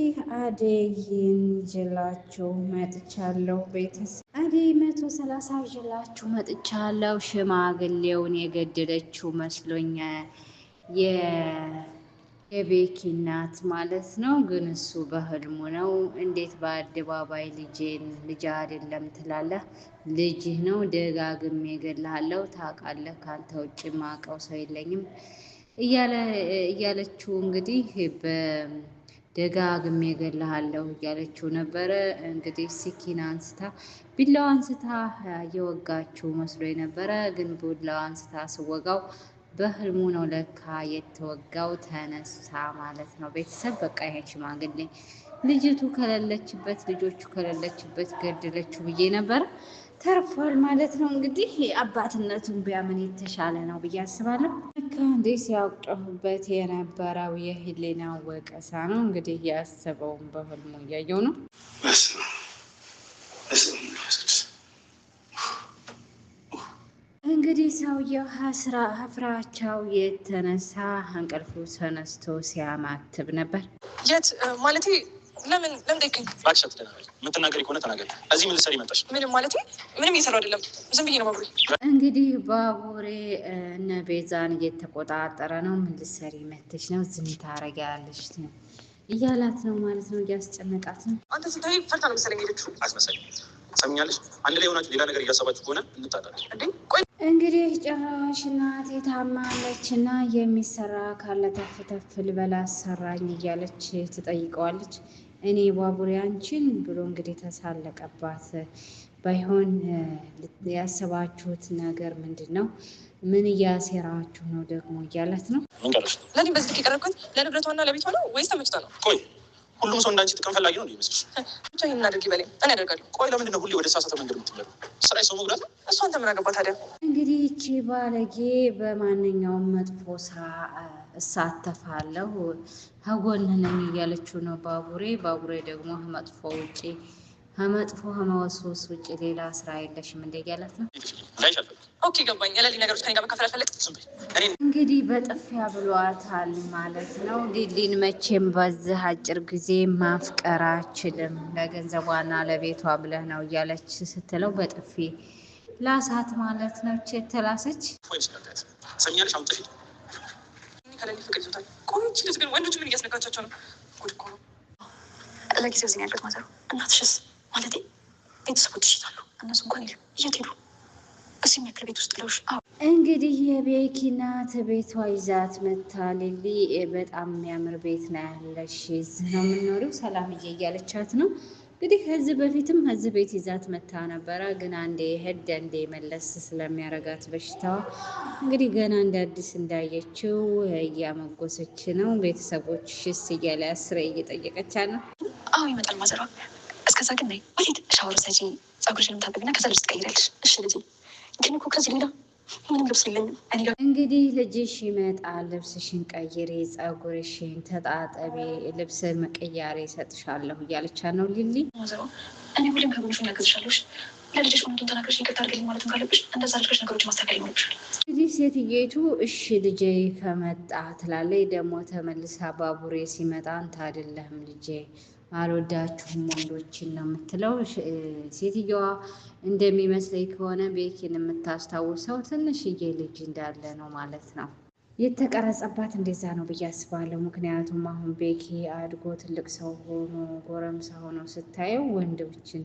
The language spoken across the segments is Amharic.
እንግዲህ አደይ ይዤላችሁ መጥቻለሁ። ቤተሰብ አደይ መቶ ሰላሳ ይዤላችሁ መጥቻለሁ። ሽማግሌውን የገደለችው መስሎኝ የቤኪ እናት ማለት ነው። ግን እሱ በህልሙ ነው። እንዴት በአደባባይ ልጄን ልጅ አይደለም ትላለህ? ልጅህ ነው። ደጋግሜ እገልሃለሁ። ታውቃለህ፣ ካንተ ውጭ ማውቀው ሰው የለኝም እያለችው እንግዲህ ደጋግሜ እገልሃለሁ እያለችው ነበረ። እንግዲህ ሲኪን አንስታ ቢላዋ አንስታ እየወጋችው መስሎ ነበረ። ግን ቢላዋ አንስታ ስወጋው በህልሙ ነው ለካ የተወጋው። ተነሳ ማለት ነው ቤተሰብ። በቃ ይሄን ሽማግሌ ልጅቱ ከሌለችበት ልጆቹ ከሌለችበት ገድለችው ብዬ ነበረ። ተርፏል ማለት ነው። እንግዲህ አባትነቱን ቢያምን የተሻለ ነው ብዬ አስባለሁ። ልክ እንዴ ሲያውቅበት የነበረው የህሊና ወቀሳ ነው። እንግዲህ ያሰበውን በህልሙ እያየው ነው። እንግዲህ ሰውየው ፍራቻው የተነሳ እንቅልፉ ተነስቶ ሲያማትብ ነበር የት ማለት ለምን ለምን ደገኝ እባክሽ አትደናገሪ። የምትናገሪ ከሆነ ተናገሪ። እዚህ ምን ልትሰሪ መጣሽ? ምንም ማለት ምንም እየሰራሁ አይደለም። ዝም ብዬ ነው ባቡሬ። እንግዲህ ባቡሬ እነ ቤዛን እየተቆጣጠረ ነው። ምን ልትሰሪ መጥተሽ ነው? ዝም ታረጊያለሽ ነው እያላት ነው ማለት ነው። እያስጨነቃት ነው። አንተ ስታይ ፈርታ ነው መሰለኝ ሄደችው። አስመሰለኝ። ሰምኛለሽ። አንድ ላይ የሆናችሁ ሌላ ነገር እያሰባችሁ ከሆነ እንጣጣለን። እንግዲህ ጭራሽ እናቴ ታማለች እና የሚሰራ ካለ ተፍ ተፍ ልበላ ሰራኝ እያለች ትጠይቀዋለች። እኔ ባቡሬ አንቺን ብሎ እንግዲህ ተሳለቀባት። ባይሆን ያሰባችሁት ነገር ምንድን ነው? ምን እያሴራችሁ ነው ደግሞ እያለት ነው። ለእኔ በዚህ ከቀረብኩት ለንብረቷና ለቤቷ ነው ወይስ ተመችቶ ነው? ሁሉም ሰው እንዳንቺ ጥቅም ፈላጊ ነው ይመስል? ብቻ ይህን አድርግ በለኝ፣ እኔ አደርጋለሁ። ቆይ ለምንድን ነው ሁሌ ወደ ሳሳተ መንገድ የምትመለው? ስራ ሰው መጉዳት ነው። እሱ አንተ ምን አገባ ታዲያ? እንግዲህ ይቺ ባለጌ በማንኛውም መጥፎ ስራ እሳተፋለሁ ከጎን ነኝ እያለችው ነው ባቡሬ። ባቡሬ ደግሞ መጥፎ ውጭ ከመጥፎ ከመወስወስ ውጭ ሌላ ስራ የለሽም እንደ እያላት ነው እንግዲህ በጥፊያ ብሏታል ማለት ነው። ሊሊን መቼም በዚህ አጭር ጊዜ ማፍቀር አችልም ለገንዘቧና ለቤቷ ብለህ ነው እያለች ስትለው በጥፊ ላሳት ማለት ነው። ወንዶች ምን እዚህ ነው ያሉት። ማዘሩ እናትሽስ ማለቴ ቤተሰቦችሽ እነሱ እንኳን የሉ እየት ሄዱ? እዚህ የሚያክል ቤት ውስጥ ለውሽ እንግዲህ የቤኪ እናት ቤቷ ይዛት መታልል በጣም የሚያምር ቤት ነው ያለሽ፣ እዚህ ነው የምንኖሪው ሰላምዬ እያለቻት ነው እንግዲህ። ከዚህ በፊትም ከዚህ ቤት ይዛት መታ ነበረ፣ ግን አንዴ ሄድ አንዴ መለስ ስለሚያረጋት በሽታዋ እንግዲህ ገና እንደ አዲስ እንዳየችው እያመጎሰች ነው። ቤተሰቦች ሽስ እያለ አስሬ እየጠየቀቻ ነው። አሁ ይመጣል ማዘሯ። እስከዛ ግን ናይ ወሊድ ሻወር ሰጂ ጸጉርሽንም ታጠቢና ከዛ ልጅ ትቀይራለሽ። እሽ ልጅ ግን እኮ ከዚህ ሌላ ምንም ልብስ የለኝም። እንግዲህ ልጅሽ ይመጣል፣ ልብስሽን ቀይሬ፣ ፀጉርሽን ተጣጠቤ፣ ልብስ መቀያሬ እሰጥሻለሁ እያለቻ ነው ሊሊ። እኔ ሁሌም ከምንሹ ያገዝሻለሽ ለልጅሽ እውነቱን ተናግረሽ ይቅርታ አድርግልኝ ማለትም ካለብሽ እንደዛ አድርገሽ ነገሮች ማስተካከል ይኖርብሻል። እንግዲህ ሴትዬቱ እሺ ልጄ ከመጣ ትላለች። ደግሞ ተመልሳ ባቡሬ ሲመጣ አንተ አይደለህም ልጄ አልወዳችሁም ወንዶችን ነው የምትለው ሴትየዋ። እንደሚመስለኝ ከሆነ ቤኪን የምታስታውሰው ትንሽዬ ልጅ እንዳለ ነው ማለት ነው። የተቀረጸባት እንደዛ ነው ብዬ አስባለሁ። ምክንያቱም አሁን ቤኪ አድጎ ትልቅ ሰው ሆኖ ጎረምሳ ሆኖ ስታየው ወንዶችን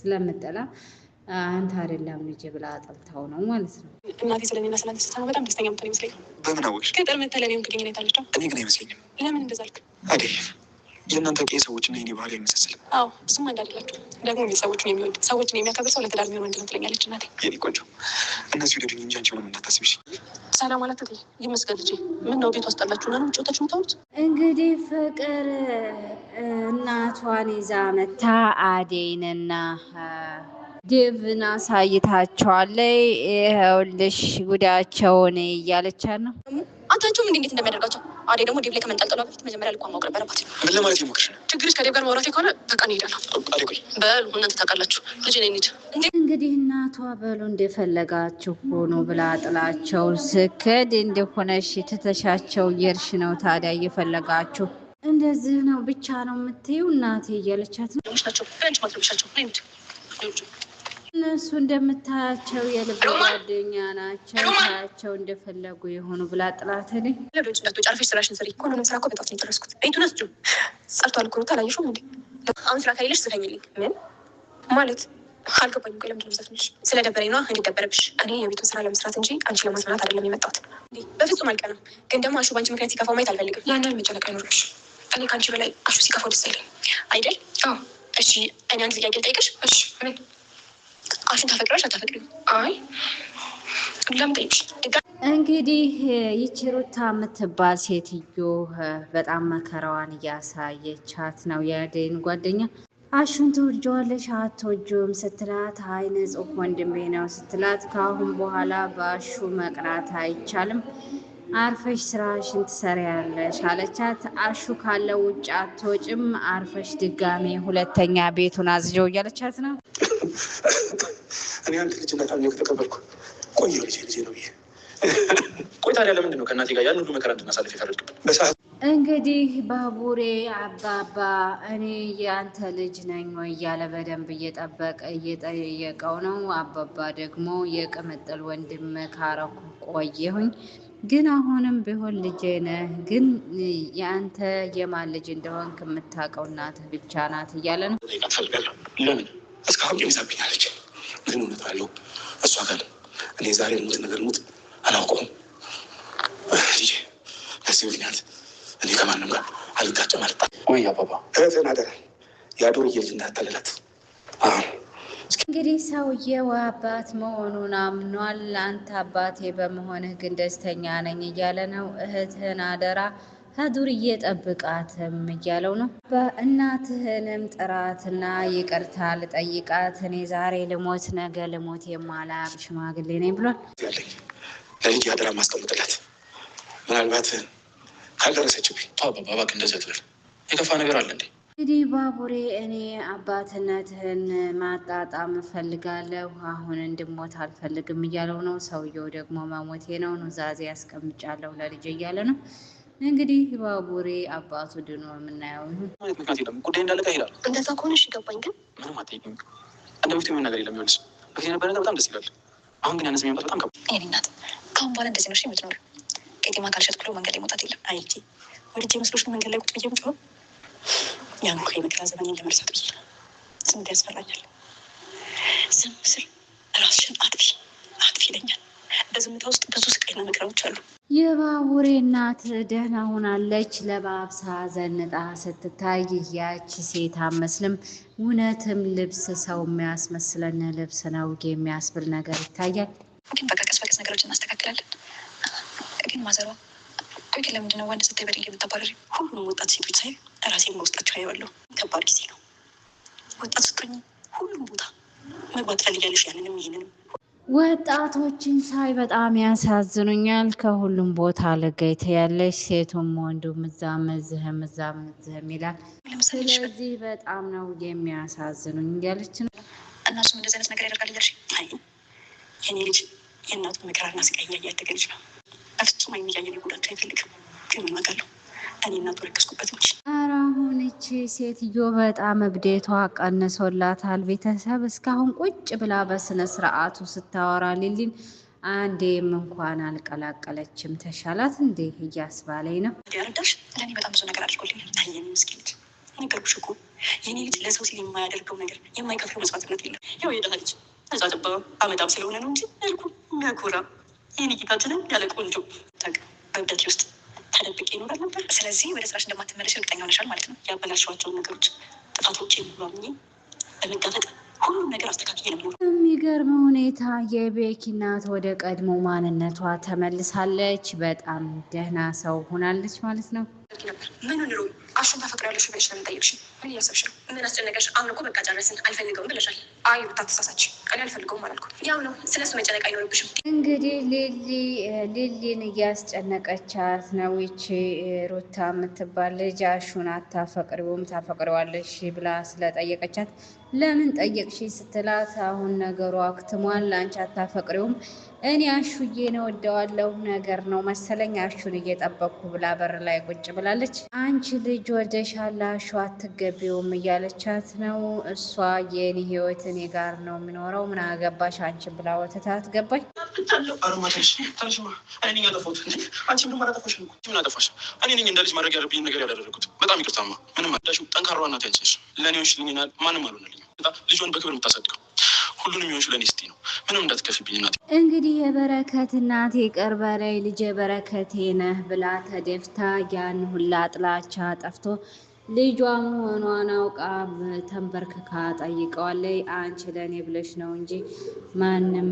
ስለምጠላ አንተ አይደለም ልጅ ብላ አጥልታው ነው ማለት ነው። እናቴ ስለሚመስለን ስታ በጣም ደስተኛ ምትሆን ይመስለኛል። በምን አወቅሽ? ገጠር መተለኔም ግንኙነት አለችው። እኔ ግን አይመስለኝም። ለምን እንደዛልክ አልክ? የእናንተ ሰዎች እና የኔ ባህል አይመሳሰልም። አዎ እሱም አንድ አይደላችሁ። ደግሞ እኔ ሰዎችን የሚወድ ሰዎችን የሚያከብር ሰው ለትዳር የሚሆን ወንድ ነው ትለኛለች እናቴ። የኔ ቆንጆ እነዚህ ወደድኝ እንጂ አንቺ ምንም እንዳታስብሽ። ሰላም አላት እቴ። ይመስገን ልጄ። ምን ነው ቤት ውስጥ አስጠላችሁ እና ጨወታችሁ ምታሉት? እንግዲህ ፍቅር እናቷን ይዛ መታ አደይንና ዴቭን አሳይታቸዋለይ። ይኸውልሽ ጉዳያቸውን እያለቻት ነው። አንተ አንቺም እንዴት እንደሚያደርጋቸው አዴ ደግሞ ዲብ ላይ ከመንጠልጠሏ በፊት መጀመሪያ ልኳ ማወቅ ነበረባት። ምን ለማለት የሞክርሽ? ችግርሽ ከዴብ ጋር ማውራት ከሆነ በቃ እንሄዳለን። በሉ እናንተ ታውቃላችሁ። ልጅ ነ ኒድ እንግዲህ እናቷ በሉ እንደፈለጋችሁ ሆኖ ብላ ጥላቸው ስክድ እንደሆነሽ ትተሻቸው የርሽ ነው። ታዲያ እየፈለጋችሁ እንደዚህ ነው ብቻ ነው የምትይው እናቴ እያለቻት ነው ናቸው ናቸው እነሱ እንደምታያቸው የልብ ጓደኛ ናቸው። ታያቸው እንደፈለጉ የሆኑ ብላ ጥላት ነ ስራሽን ስሪ። ሁሉንም ስራ እኮ የጨረስኩት ቤቱን አስጁ እንዴ? አሁን ስራ ከሌለሽ ምን ማለት አልገባኝም። ቆይ ለምንድን ነው ስለደበረኝ ነዋ። እኔ የቤቱን ስራ ለመስራት እንጂ አንቺ ለማዝናናት አይደለም የመጣሁት። በፍጹም አልቀናም፣ ግን ደግሞ አሹ በአንቺ ምክንያት ሲከፋው ማየት አልፈልግም። ያንን መጨነቅ አይኖርሽ። እኔ ከአንቺ በላይ አሹ ሲከፋው ደስ አይለኝ አይደል? እሺ፣ እኔ አንድ ጥያቄ ልጠይቅሽ። እሺ። ምን አሹን ታፈቅረሽ አታፈቅሪም? አይ እንግዲህ ይቺ ሩታ የምትባል ሴትዮ በጣም መከራዋን እያሳየቻት ነው። የአደይን ጓደኛ አሹን ትወጂዋለሽ አትወጂውም ስትላት፣ አይ ንጹሕ ወንድሜ ነው ስትላት፣ ከአሁን በኋላ በአሹ መቅናት አይቻልም አርፈሽ ስራሽን ትሰሪያለሽ አለቻት። አሹ ካለ ውጭ አትወጭም አርፈሽ ድጋሜ ሁለተኛ ቤቱን አዝጀው እያለቻት ነው እኔ አንድ ልጅ እናት አለ ከተቀበልኩ ቆየ ልጄ ልጄ ነው ብዬ ቆይታ ያለ ለምንድን ነው ከእናቴ ጋር ያን ሁሉ መከራ እንድናሳልፍ የፈረድክብን? በሰዓት እንግዲህ ባቡሬ አባባ እኔ የአንተ ልጅ ነኝ ወይ እያለ በደንብ እየጠበቀ እየጠየቀው ነው። አባባ ደግሞ የቅምጥል ወንድም ካረኩ ቆየሁኝ፣ ግን አሁንም ቢሆን ልጄ ነህ፣ ግን የአንተ የማን ልጅ እንደሆንክ የምታውቀው እናትህ ብቻ ናት እያለ ነው። ለምን እስካሁን የሚዛብኝ አለች። ግን እውነት አለው እሷ ጋር እኔ ዛሬ ሙት ነገር ሙት አላውቀውም። ልጄ በዚህ ምክንያት እኔ ከማንም ጋር አልጋጭ ማለት ወይ አባባ እህትን አደራ የአዶርዬ ልጅ እንዳታለላት። እንግዲህ ሰውዬው አባት መሆኑን አምኗል። አንተ አባቴ በመሆንህ ግን ደስተኛ ነኝ እያለ ነው። እህትህን አደራ ከዱርዬ ጠብቃትም እያለው ነው። እናትህንም ጥራትና ይቅርታ ልጠይቃት እኔ ዛሬ ልሞት ነገ ልሞት የማላቅ ሽማግሌ ነኝ ብሏል። ለልጅ አደራ ማስቀምጥላት ምናልባት ካልደረሰችብኝ ባባክ እንደዚያ ትበል። የከፋ ነገር አለ እንዴ? እንግዲህ ባቡሬ እኔ አባትነትህን ማጣጣም እፈልጋለሁ፣ አሁን እንድሞት አልፈልግም እያለው ነው። ሰውየው ደግሞ መሞቴ ነው ኑዛዜ ያስቀምጫለሁ ለልጅ እያለ ነው። እንግዲህ ባቡሬ አባቱ ድኖ የምናየው ጉዳይ እንዳለቀ ይላል። እንደዛ ከሆነ እሺ ገባኝ፣ ግን ምንም አጠይቅም። እንደ በፊቱ ነገር የለም። ይሆንስ በፊት የነበረ ነገር በጣም ደስ ይላል። አሁን ግን ያነስ በጣም እናት ከአሁን በኋላ እንደዚህ ነው የምትኖር። ቄጤማ ብሎ መንገድ ላይ መውጣት የለም። አይ መንገድ ላይ ቁጭ ብዬ የመከራ ስንት ያስፈራኛል። ዝም ስል ራስሽን አጥፊ አጥፊ ይለኛል። በዝምታ ውስጥ ብዙ ስቃይና መከራዎች አሉ። የባቡሬ እናት ደህና ሆናለች ለባብሳ ዘንጣ ስትታይ ያች ሴት አመስልም እውነትም ልብስ ሰው የሚያስመስለን ልብስ ነው የሚያስብል ነገር ይታያል። ቀስ በቀስ ነገሮች እናስተካክላለን። ግን ማዘሯ ቆይ ለምንድን ነው ስታይ የምታባረሪ? ሁሉም ወጣት ሴቶች ሳይ ራሴን በውስጣቸው ከባድ ጊዜ ነው። ወጣት ስትሆኝ ሁሉም ቦታ መግባት ፈልጊያለሽ፣ ያንንም ይህንንም ወጣቶችን ሳይ በጣም ያሳዝኑኛል። ከሁሉም ቦታ አለጋይተ ያለች ሴቱም ወንዱም እዛም እዚህም እዛም እዚህም ይላል። ስለዚህ በጣም ነው የሚያሳዝኑኝ እያለች ነው። እነሱም እንደዚህ አይነት ነገር ያደርጋል እያልሽ የኔ ልጅ የእናቱ መከራና ስቃይ እያያደገ ልጅ ነው። በፍጹም አይሚያየ ጉዳቱ አይፈልግም። ግን ምን እኔ እናቱ ረከስኩበት እንጂ ይቺ ሴትዮ በጣም እብዴቷ ቀንሶላታል። ቤተሰብ እስካሁን ቁጭ ብላ በስነ ስርዓቱ ስታወራ ሊሊን አንዴም እንኳን አልቀላቀለችም። ተሻላት እንዴ እያስባለኝ ነው። ረዳሽ ለኔ በጣም ብዙ ነገር አድርጎልኝ ታየን ምስኪንት ነገርኩሽ እኮ የኔ ልጅ ለሰው ሲል የማያደርገው ነገር የማይከፍለው መስዋዕትነት የለም። ያው የድሃ ልጅ ጥባ አመጣም ስለሆነ ነው እንጂ ያልኩ የሚያኮራ የኔ ጌታችንን ያለ ቆንጆ ታቅ ውስጥ ተደብቄ ይኖራል ነበር። ስለዚህ ወደ ስራሽ እንደማትመለሽ እርግጠኛ ሆነሻል ማለት ነው። ያበላሸዋቸውን ነገሮች ጥፋቶች የሚባሉኝ በመጋፈጥ የሚገርም ሁኔታ የቤኪ እናት ወደ ቀድሞ ማንነቷ ተመልሳለች። በጣም ደህና ሰው ሆናለች ማለት ነው። ታደርጊ ነበር? ምን ልሩ አሹን ታፈቅሪያለሽ ብለሽ ለምን ጠየቅሽ? ምን እያሰብሽ ነው? ምን አስጨነቀሽ? አሁን እኮ በቃ ጨረስን፣ አልፈልገውም ብለሻል። አይ ብታ ተሳሳች፣ እኔ አልፈልገውም አላልኩ። ያው ነው፣ ስለሱ እሱ መጨነቅ አይኖርብሽም። እንግዲህ ሊሊ ሊሊን እያስጨነቀቻት ነው። ይቺ ሩታ የምትባል ልጅ አሹን አታፈቅሪውም ታፈቅሪዋለሽ ብላ ስለጠየቀቻት ለምን ጠየቅሽ ስትላት አሁን ነገሩ አክትሟል፣ አንቺ አታፈቅሪውም እኔ አሹዬን እወደዋለሁ ነገር ነው መሰለኝ አሹን እየጠበቅኩ ብላ በር ላይ ቁጭ ብላለች። አንቺ ልጅ ወደሻላ አሹ አትገቢውም እያለቻት ነው። እሷ የኔ ህይወት እኔ ጋር ነው የሚኖረው ምን አገባሽ አንቺ ብላ ወተታ አትገባኝ በጣም ይቅርታማ ምንም ጠንካራ ያንችሽ ለእኔዎች ልኝናል ማንም ልጇን በክብር የምታሳድገው ሁሉንም ይሆንሽ ለእኔ ነው። ምንም እንዳትከፍብኝ እናቴ። እንግዲህ የበረከት እናት ቅር በለኝ ልጅ በረከቴ ነህ ብላ ተደፍታ ያን ሁላ ጥላቻ ጠፍቶ ልጇ መሆኗን አውቃ ተንበርክካ ጠይቀዋለች። አንቺ ለእኔ ብለሽ ነው እንጂ ማንም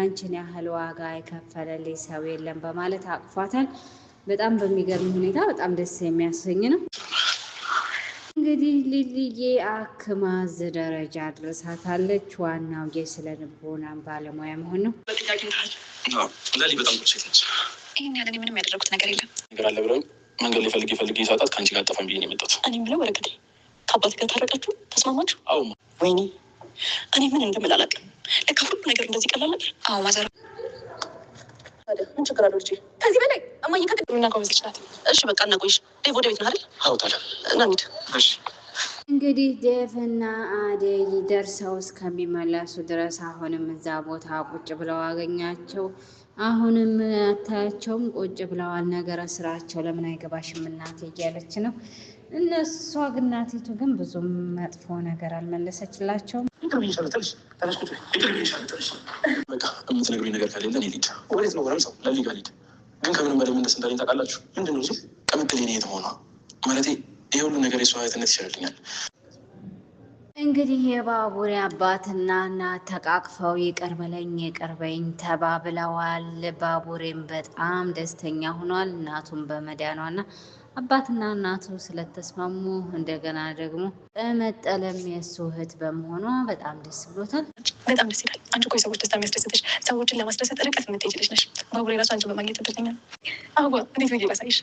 አንቺን ያህል ዋጋ የከፈለልኝ ሰው የለም በማለት አቅፏታል። በጣም በሚገርም ሁኔታ በጣም ደስ የሚያሰኝ ነው። እንግዲህ ልልዬ አክማ እዚህ ደረጃ አድርሳታለች። ዋናው የስነ ልቦና ባለሙያ መሆን ነው። ይህን ያለ ምንም ያደረጉት ነገር የለም። ነገር አለ ብለው መንገድ ላይ ፈልጌ ፈልጌ ሳጣት ከአንቺ ጋር አጠፋን ብዬ ነው የመጣሁት። እኔ የምለው ወረቀቴ ከአባት ጋር ታረቃችሁ ተስማማችሁ? አዎ። ወይኔ እኔ ምን እንደምል አላውቅም። ለካ ሁሉ ነገር እንደዚህ ቀላል ነበር። አዎ። ማዘር ምን ችግር አለው ልጄ? ከዚህ በላይ እማዬ ከድምና ጎበዝ ናት። እሺ በቃ እናቆይሽ ወደ ቤት ነው አይደል? እና እንሂድ። እሺ እንግዲህ ዴቭና አደይ ደርሰው እስከሚመለሱ ድረስ አሁንም እዛ ቦታ ቁጭ ብለው አገኛቸው። አሁንም አታያቸውም፣ ቁጭ ብለዋል። ነገረ ስራቸው ለምን አይገባሽም እናቴ እያለች ነው። እነሷ ግን እናቲቱ ግን ብዙም መጥፎ ነገር አልመለሰችላቸውም። የምትነግሪኝ ነገር ከሌለ እኔ ወደት ወዴት ነው? ወረምሰው ለሊጋ ልሂድ። ግን ከምንም በላይ ምንደስ እንዳለኝ ታውቃላችሁ ምንድን ነው ቅምጥል ኔ የተሆኗ ማለት ይህ ሁሉ ነገር የሰዋዊትነት ሀያትነት ይችላልኛል። እንግዲህ የባቡሬ አባትና እናት ተቃቅፈው ይቅር በለኝ ይቅር በኝ ተባብለዋል። ባቡሬም በጣም ደስተኛ ሆኗል እናቱን በመዳኗና አባትና እናቱ ስለተስማሙ እንደገና ደግሞ በመጠለም የእሱ እህት በመሆኗ በጣም ደስ ብሎታል። በጣም ደስ ይላል። አንቺ እኮ የሰዎች ደስታ የሚያስደስትሽ ሰዎችን ለማስደሰት ርቀት የምትሄጂልሽ ነሽ። ባቡሬ ራሱ አንቺ በማግኘት ብትኛል። አዎ እንዴት ብዬ ላሳይሽ?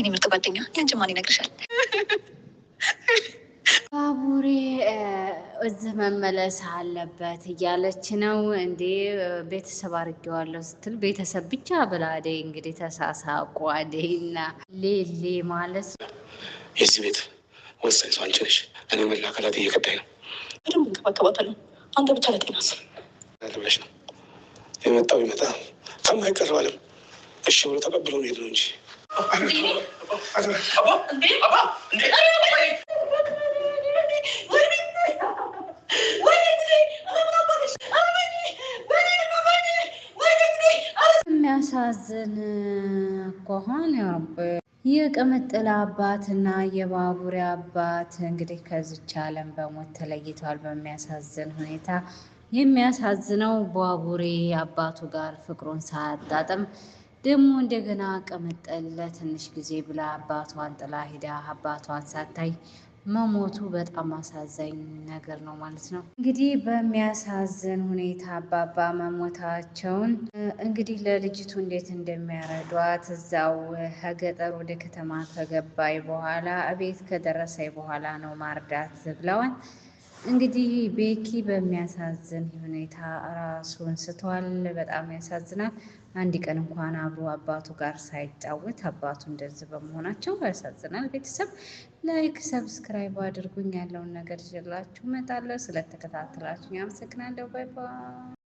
እኔ ምርጥ ጓደኛ ያንቺ ማን ይነግርሻል? ባቡሬ እዚህ መመለስ አለበት እያለች ነው እንዴ ቤተሰብ አድርጌዋለሁ ስትል ቤተሰብ ብቻ ብላ አደይ እንግዲህ ተሳሳቁ። አደይና ሌሌ ማለት ነው የዚህ ቤት ወሳኝ ሰው አንቺ ነሽ። እኔ መላከላት እየከዳኝ ነው። በደንብ እንከባከባታለን። አንተ ብቻ ለጤናስ ለሽ ነው የመጣው ይመጣ ከማይቀረው አለም እሺ ብሎ ተቀብለው ሄድ ነው እንጂ የሚያሳዝን ከሆን ያረብ የቅምጥል አባት እና የባቡሬ አባት እንግዲህ ከዚች ዓለም በሞት ተለይተዋል። በሚያሳዝን ሁኔታ የሚያሳዝነው ባቡሬ አባቱ ጋር ፍቅሩን ሳያጣጥም ደግሞ እንደገና ቅምጥል ለትንሽ ጊዜ ብላ አባቷን ጥላ ሂዳ አባቷን ሳታይ መሞቱ በጣም አሳዛኝ ነገር ነው ማለት ነው። እንግዲህ በሚያሳዝን ሁኔታ አባባ መሞታቸውን እንግዲህ ለልጅቱ እንዴት እንደሚያረዷት እዛው ከገጠር ወደ ከተማ ከገባይ በኋላ ቤት ከደረሰይ በኋላ ነው ማርዳት ብለዋል። እንግዲህ ቤኪ በሚያሳዝን ሁኔታ ራሱን ስቷል። በጣም ያሳዝናል። አንድ ቀን እንኳን አብሮ አባቱ ጋር ሳይጫወት አባቱ እንደዚህ በመሆናቸው ያሳዝናል። ቤተሰብ ላይክ፣ ሰብስክራይብ አድርጉኝ። ያለውን ነገር ይዤላችሁ እመጣለሁ። ስለተከታተላችሁ አመሰግናለሁ። ባይ ባይ